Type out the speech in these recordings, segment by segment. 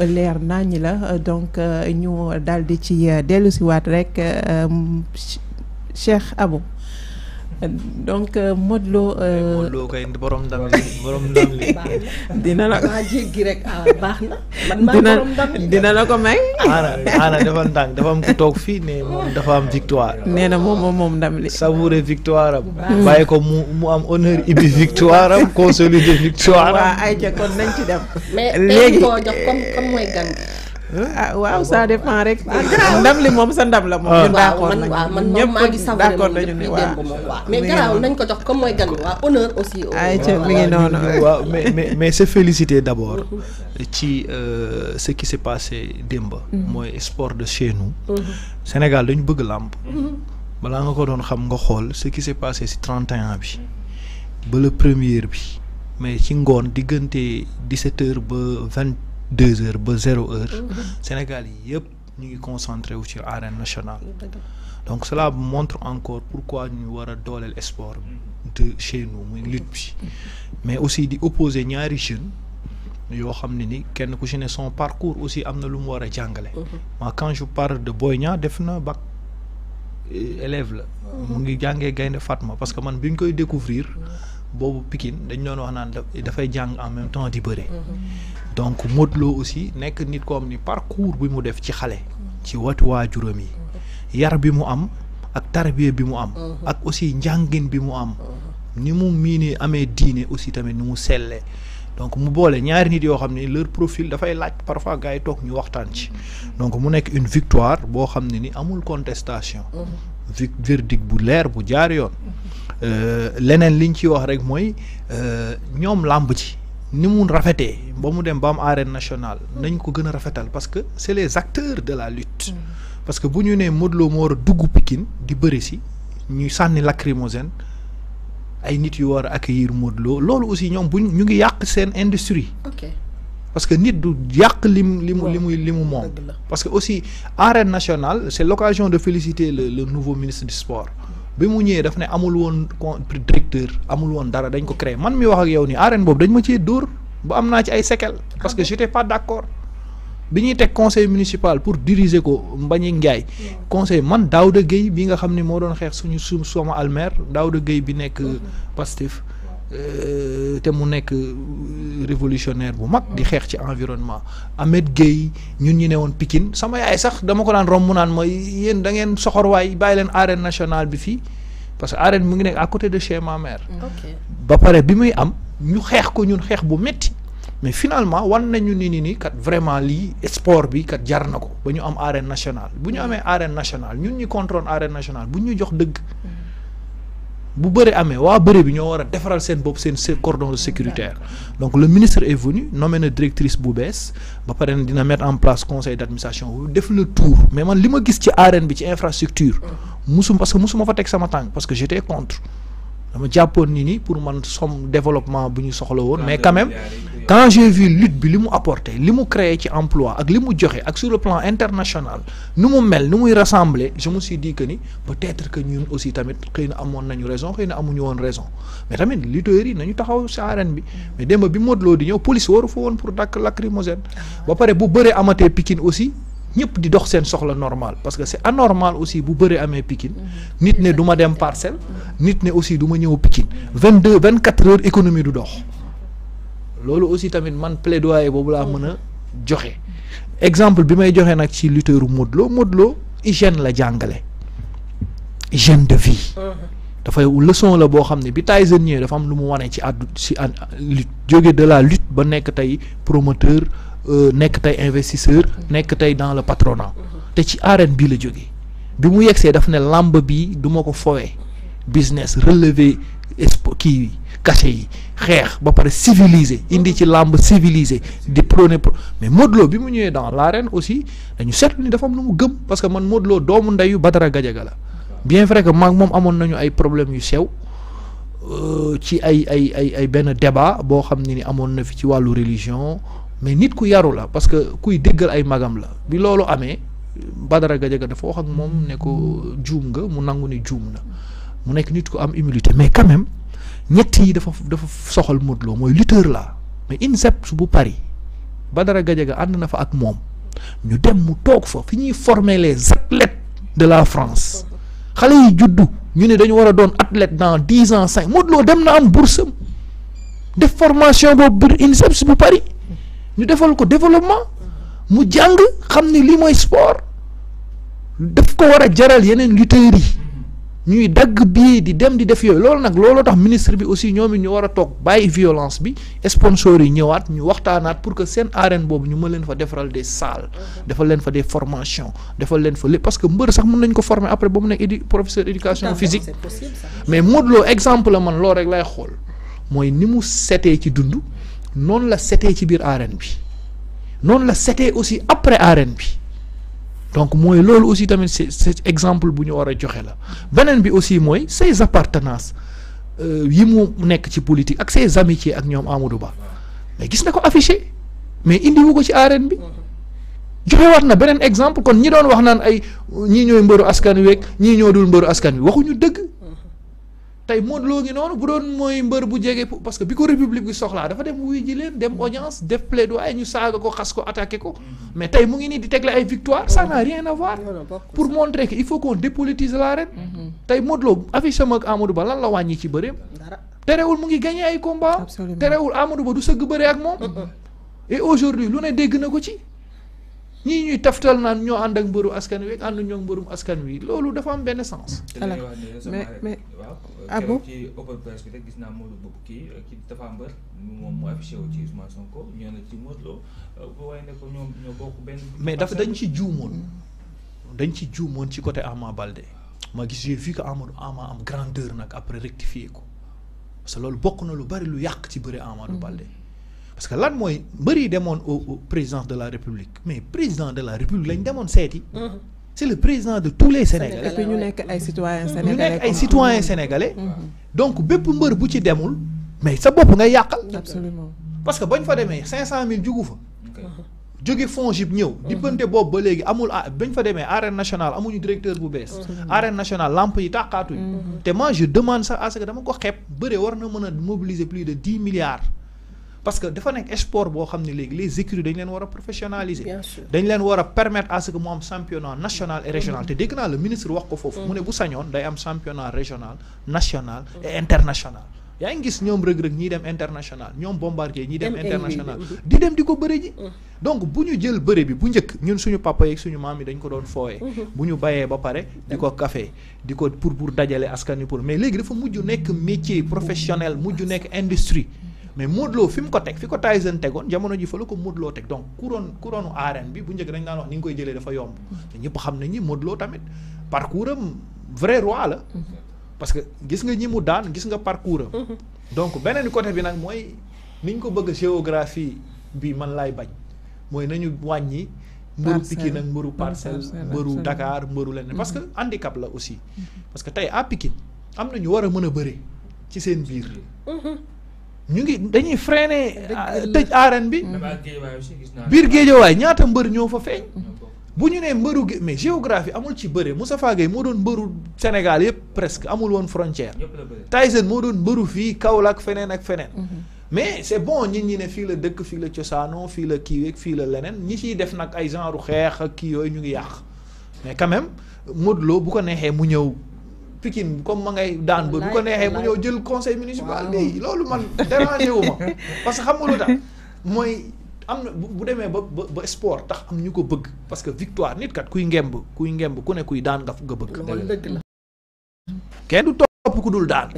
leer naññ là donc euh, ñu ci euh, di ci rek euh, Cheikh Abou donc Modou Lo. Modou Lo kay borom ndam li borom ndam li. dina la ko rek ah, baax na. man maa borom ko may. ana ana dafa ndànk dafa am ku toog fii ne moom dafa am victoire. nee na moom moom moom ndam li. savourer victoire am. bàyyi ko mu mu am honneur ibi victoire am consolider victoire am. waaw ayca kon nañ ci dem. léegi Hein? Ah, waaw ça ah, dépend rek. Ah, ndam li moom sa ndam la moom. ñun d'accord nañu man man maa ngi savouré moom ñëpp démb moom waaw. mais garaawul nañ ko jox comme mooy gan waaw honneur aussi. ay ca mi ngi noonu waaw mais mais mais se féliciter d'abord. Mm-hmm. ci euh, ce qui s'est passé démb. Mm-hmm. mooy sport de chez nous. Mm-hmm. Sénégal dañu bëgg làmb. balaa nga ko doon xam nga xool ce qui s'est passé ci 31 ans bi. ba le premier bi. mais ci ngoon diggante 17 heures ba 20. 2 heures ba 0 heure mhm. Sénégal yépp ñu ngi concentré wu ci arène nationale donc cela montre encore pourquoi ñu avons a dooleel sport de chez nous lutte mais aussi di opposer ñaari jeunes yoo xam ne ni kenn ku ci ne son parcours aussi am na lu mu mhm. quand je parle de Boyne, Niang def na bac euh, élève la mhm. mu ngi jàngee Gaynde Fatma parce que man bi ñu koy découvrir bobu Pikine dañ doon wax naan dafay jàng en même temps di bëre. Mhm. donc modlo aussi nekk nit ko am ni parcours bi mu def ci xale. ci watu waajuram yi. Mhm. yar bi mu am ak tarbiya bi mu am. Mhm. ak aussi njàngin bi mu am. ni mu miinee amee diine aussi tamit ni mu sellee donc mu boole ñaari nit yoo xam ne leur profil dafay laaj parfois gars yi toog ñu waxtaan ci donc mu nekk une victoire boo xam ne ni amul contestation. verdict bu leer bu jaar yoon. Euh, leneen liñ ci wax rek mooy euh, ñoom làmb ci ni mu rafetee ba mu dem ba am arène nationale nañ ko gën a rafetal parce que c'est les acteurs de la lutte mm. parce que bu ñu nee Modou Lo moo war a dugg Pikine di bëri si ñuy sànni lacrymogène ay nit yu war a accueillir modlo Lo loolu aussi ñoom buñ ñu ngi yàq seen industrie parce que nit du yàq lim limu li muy li mu moom parce que aussi arène nationale c'est l'occasion de féliciter le le nouveau ministre du sport bi mu ñëwee daf ne amul woon con directeur amul woon dara dañ ko créer man mi wax ak yow nii arène boobu dañ ma cee dóor ba am naa ci ay séquelles. parce que ah j'étais pas d'accord. bi ñuy teg conseil municipal pour diriger ko mbañi Ndiaye conseil man Daouda Gueye bi nga xam ne moo doon xeex suñu su sama almer Daouda Gueye bi nekk mm-hmm. pastif Euh, te mu nekk euh, révolutionnaire bu mag di xeex ci environnement Ahmed Gueye ñun ñu ne woon Pikine sama yaay sax dama ko daan romb mu naan ma yéen da ngeen soxor waay bàyyi leen arène nationale bi fii parce que arène mu ngi nekk à côté de chez mm. ba pare bi muy am ñu xeex ko ñun xeex bu métti mais finalement wan nañu ni ni nii kat vraiment lii sport bi kat jar na ko ba ñu am arène nationale bu ñu amee arène nationale ñun ñu contrôle arène nationale bu ñu jox dëgg. Mm. bu bëre amé wa bëre bi ñoo wara a defaral seen bopp seen cordon sécuritaire donc le ministre est venu nommé na directrice bu bees ba paré dina mettre en place conseil d'administration. def na tour mais man lima gis ci arène bi ci infrastructure musum parce que musuma fa tek sama tànk parce que j'étais contre dama jàppoon ni ni pour man somme développement bu ñu soxla won mais quand même quand j'ai vu lutte bi li mu apporté li mu créé ci emploi ak li mu joxe ak sur le plan international nu mu mel nu muy rassembler je me suis dit que ni peut-être que ñun aussi tamit xëy na nañu raison xëy amuñu won raison mais tamit lutteurs yi nañu taxaw si arène bi mais démb bi modlo di ñew police waru fa won pour dak lacrymogène ba paré bu bëree amaté Pikine aussi ñëpp di dox seen soxla normal parce que c'est anormal aussi bu bëree amee Pikine nit ne duma dem parcelle nit ne aussi duma ma ñëw Pikine vingt deux vingt quatre heures économie du dox loolu aussi tamit man plaidoyer boobu laa mën a joxe exemple bi may joxe nag ci lutteuru Modou Lo Modou la jàngale hygiène de vie. dafay leçon la boo xam ne bi Tyson dafa am lu mu wane ci àddu ci lutte jóge de la lutte ba nekk tey promoteur euh, nekk tey investisseur nekk tey dans le patronat te ci arène bii la jóge bi mu yegsee daf ne làmb bi du ma ko fowee business relevé expo kii cachet yi xeex ba pare civilisé indi ci làmb civilisé di prôné mais Modou bi mu ñëwee dans la l'arène aussi dañu seetlu ni dafa am lu mu gëm parce que man Modou doomu ndeyu Badara Gadiaga la bien vrai que maag moom amoon nañu ay problèmes yu sew euh, ci ay ay ay ay benn débat boo xam ne ni amoon na fi ci wàllu religion mais nit ku yaru la parce que kuy déggal ay magam la bi loolu amee Badara Gadiaga dafa wax ak moom ne ko juum nga mu nangu ni juum na mu nekk nit ku am humilité mais quand ñett yi dafa dafa soxal Modou mooy lutteur la mais INSEP bu Paris Badara Gadiaga ànd na fa ak moom ñu dem mu toog fa fi ñuy former les athlètes de la France xale yi juddu ñu ne dañu war a doon athlète dans dix ans cinq Modou dem na am boursam def formation boobu biir INSEP bu Paris ñu defal ko développement mu jàng xam ni lii mooy sport daf ko war a jaral yeneen lutteurs yi. ñuy dagg bii di dem di def yooyu loolu nag looloo tax ministre bi aussi ñoom it ñu war a toog bàyyi violence bi sponsors yi ñëwaat ñu waxtaanaat pour que seen arène boobu ñu mën leen fa defaral de salles mhm. defal leen fa de formations defal leen fa lépp parce que mbër sax mun nañ ko former après ba mu nekk édi professeur éducation physique mais Modou Lo exemple la man loolu rek lay xool mooy ni mu setee ci dund noonu la setee ci biir arène bi noonu la setee aussi après arène bi donc mooy l'autre aussi tamit c'est cet exemple bu ñu war a joxe la bi aussi moi, ses appartenances euh, mu nek ci politique ak ses amitiés ak ñom Amadou Ba mais gis na ko affiché mais wu ko ci arène bi joxewaat na benen exemple kon ñi doon wax naan ay ñi ñoy mbëru askan wi ak ñii ñoo dul askan wi ñu deug tay Modou Lo ngi non bu doon moy mbeur bu jégué parce que biko république bi soxla dafa dem wuy jilen dem audience def plaidoyer ñu saga ko xass ko attaquer ko mais tay mu ngi ni di tegle ay victoire ça n'a rien à voir pour montrer que il faut qu'on dépolitise l'arène mm-hmm. tey Modou Lo affiche mak Amadou Ba lan la wañi ci bëreem terewul mu ngi gagner ay combat terewul Amadou Ba du sëgg bëre ak mom et aujourd'hui lu ne dégg na ko ci ñii ñuy taftal naan ñoo ànd ak mbëru askan wi ànd ñoo mbërum askan wi loolu dafa am benn sens. alors mais mais abo ci open rek gis naa Modou Bob kii kii dafa mbër moom mu affiché ci ñoo ne ci Modou Lo ko ñoom ñoo mais dafa dañ ci juumoon dañ ci juumoon ci côté Ama Balde ma gis j'ai ko que Amadou Ama am grandeur nag après rectifier ko parce loolu bokk na lu bari lu yàq ci bëre Amadou mhm. Balde. parce que lan moi, mbër yi demoon au président de la république mais président de la république lañ demone séti mhm. C'est le président de tous les sénégalais. et puis ñu nek ay citoyens sénégalais. Nous ay citoyens mhm. sénégalais. Mhm. donc bépp mbeur bu ci demul. mais sa bop ngay yakal absolument parce que bagn fa demee 500000 jugu fa. jóge FONGIP di diggante bop ba légui amul bagn fa démé arène nationale amuñu directeur bu bees. arène nationale lampe yi tàqaatuñ. té moi je demande ça à ce que dama ko xép bëre war na mëna a mobiliser plus de 10 milliards parce que dafa nekk sport boo xam ne léegi les écuries dañ leen war a professionnaliser. dañ leen war a permettre à ce que mu am championnat national et régional mm-hmm. te dégg naa le ministre wax ko foofu. Mm. mu ne bu sañoon day am championnat régional national et international. yaa ngi gis ñoom Reug Reug ñiy dem international ñoom Bombardier ñiy dem international mm-hmm. di dem di ko bëre ji mm. donc bu ñu jël bëre bi bu njëkk ñun suñu papa yeeg suñu maam yi dañ ko doon fooyee mm-hmm. bu ñu bayee ba pare di ko café di ko pour pour dajale askan wi pour mais léegi dafa mujj nekk métier professionnel mujj nekk industrie mais Modou fim ko tek fi ko Tyson tegon jamono ji fa la ko Modou Lo donc couronne couronne arène bi bu njëkk dañ naan wax ni ngoy jëlé dafa yomb té ñepp xam nañ ni tamit parcours vrai roi la parce que gis nga ñi mu daan gis nga parcours donc benen côté bi nak moy niñ ko bëgg géographie bi man lay bañ moy nañu wañi mbëru Pikine ak mbëru parcel mbëru Dakar mbëru leneen mm-hmm. parce que handicap la aussi parce que tay à Pikine am ñu ñu ngi dañuy freiné ah, tëj arène bi mm-hmm. biir géejawaay ñaata mbër ñoo fa feeñ mm-hmm. bu ñu nee mbëru gé mais géographie amul ci bëre Moustapha Gueye moo doon mbëru Sénégal yëpp presque amul woon frontière Tyson moo doon mbëru fii Kaolack feneen ak feneen mm-hmm. mais c'est bon nit ñi ne fii la dëkk fii la cosaano fii la kiiweeg fii la leneen ñi ciy def nag ay genre xeex ak kii yooyu ñu ngi yàq mais quand même Modou bu ko neexee mu ñëw pikin comme ma ngay daan ba bu ko neexee mu ñëw jël conseil municipal léegi loolu man dérangé wu ma parce que xam nga lu tax mooy am na bu demee ba ba sport tax am ñu ko bëgg parce que victoire nit kat kuy ngemb kuy ngemb ku ne kuy daan nga nga bëgg kenn kan du topp ku dul daan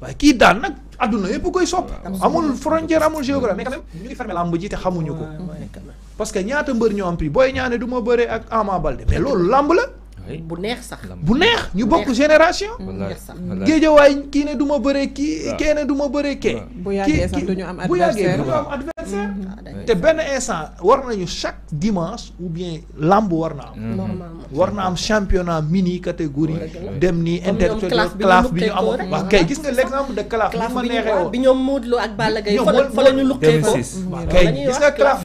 waaye kii daan nag aduna yëpp koy sopp amul frontière amul géographie mais quand même ñu ngi fermé làmb ji te xamuñu ko parce que ñaata mbër ñoo am pri booy ñaane du ma bëre ak Ama Baldé mais loolu lamb la bu neex sax. bu neex ñu bokk génération. géejawaay kii ne du ma bëree kii kee ne du ma bëree kee. bu yàggee sax du ñu am adversaire bu am adversaire. te benn instant war nañu chaque dimanche ou bien lamb war na am. Mm-hmm. war na am championnat mini catégorie. dem nii intellectuel classe bi ñu amoon. waaw kay gis nga l' exemple de classe. bi ñu lukkee ko. kay gis nga classe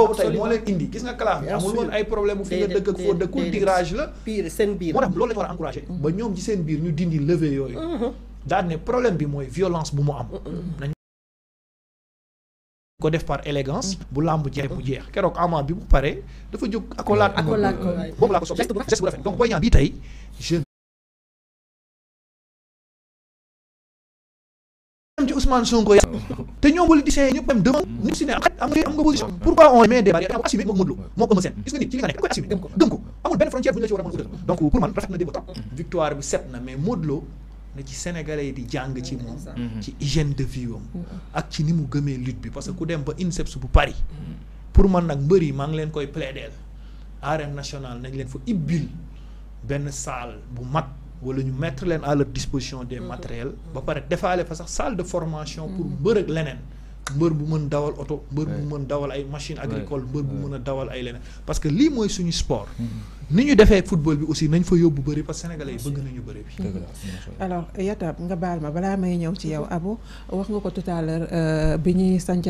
boobu tey moo leen indi gis nga kalaaf bi amul woon ay problème mu fi nga dëkk foo dëkkul tirage la biir seen biir moo tax loolu war a encouragé mm-hmm. ba ñoom ci seen biir ñu dindi levé yooyu mm-hmm. daal ne problème bi mooy violence bu mu am mm-hmm. nañ ko def par élégance bu làmb jeex mu jeex keroog ama bi mu paree dafa jóg accolade accolade boobu laa ko sopp geste bu rafet donc Boy Niang bii tey jeune Ousmane Sonko ya te ñoom politiciens yi ñëpp dem ñu ci né am am nga am nga position pourquoi on met des barrières ak assumé moom Modou Lo moo ëmb gis nga ni ci li nga nekk ko koy dem ko dem ko amul ben frontière bu ñu la ci wara mëna mën donc pour man rafet na démb top victoire bu set na mais Modou na ci sénégalais yi di jang ci mom ci hygiène de vie am mm-hmm. ak ci ni mu gëmé lutte bi parce que ku dem ba INSEPS bu Paris pour man nak mbeuri ma ngi leen koy plaider arène nationale nañ leen fa ibil ben salle bu mat. wala ñu mettre leen à leur disposition des mhm. matériels ba pare defaale fa sax salle de formation pour mhm. mbër ak leneen mbër bu mën dawal oto mbër bu mën dawal ay machine agricole mbër bu mën a dawal ay leneen parce lii mooy suñu sport mhm. ni ñu defee football bi aussi nañ fa yóbbu bëri parce que bëgg nañu bëri bi alors Yatab nga baal ma balaa may ñëw ci yow Abo wax nga ko tout euh, bi ñuy sanc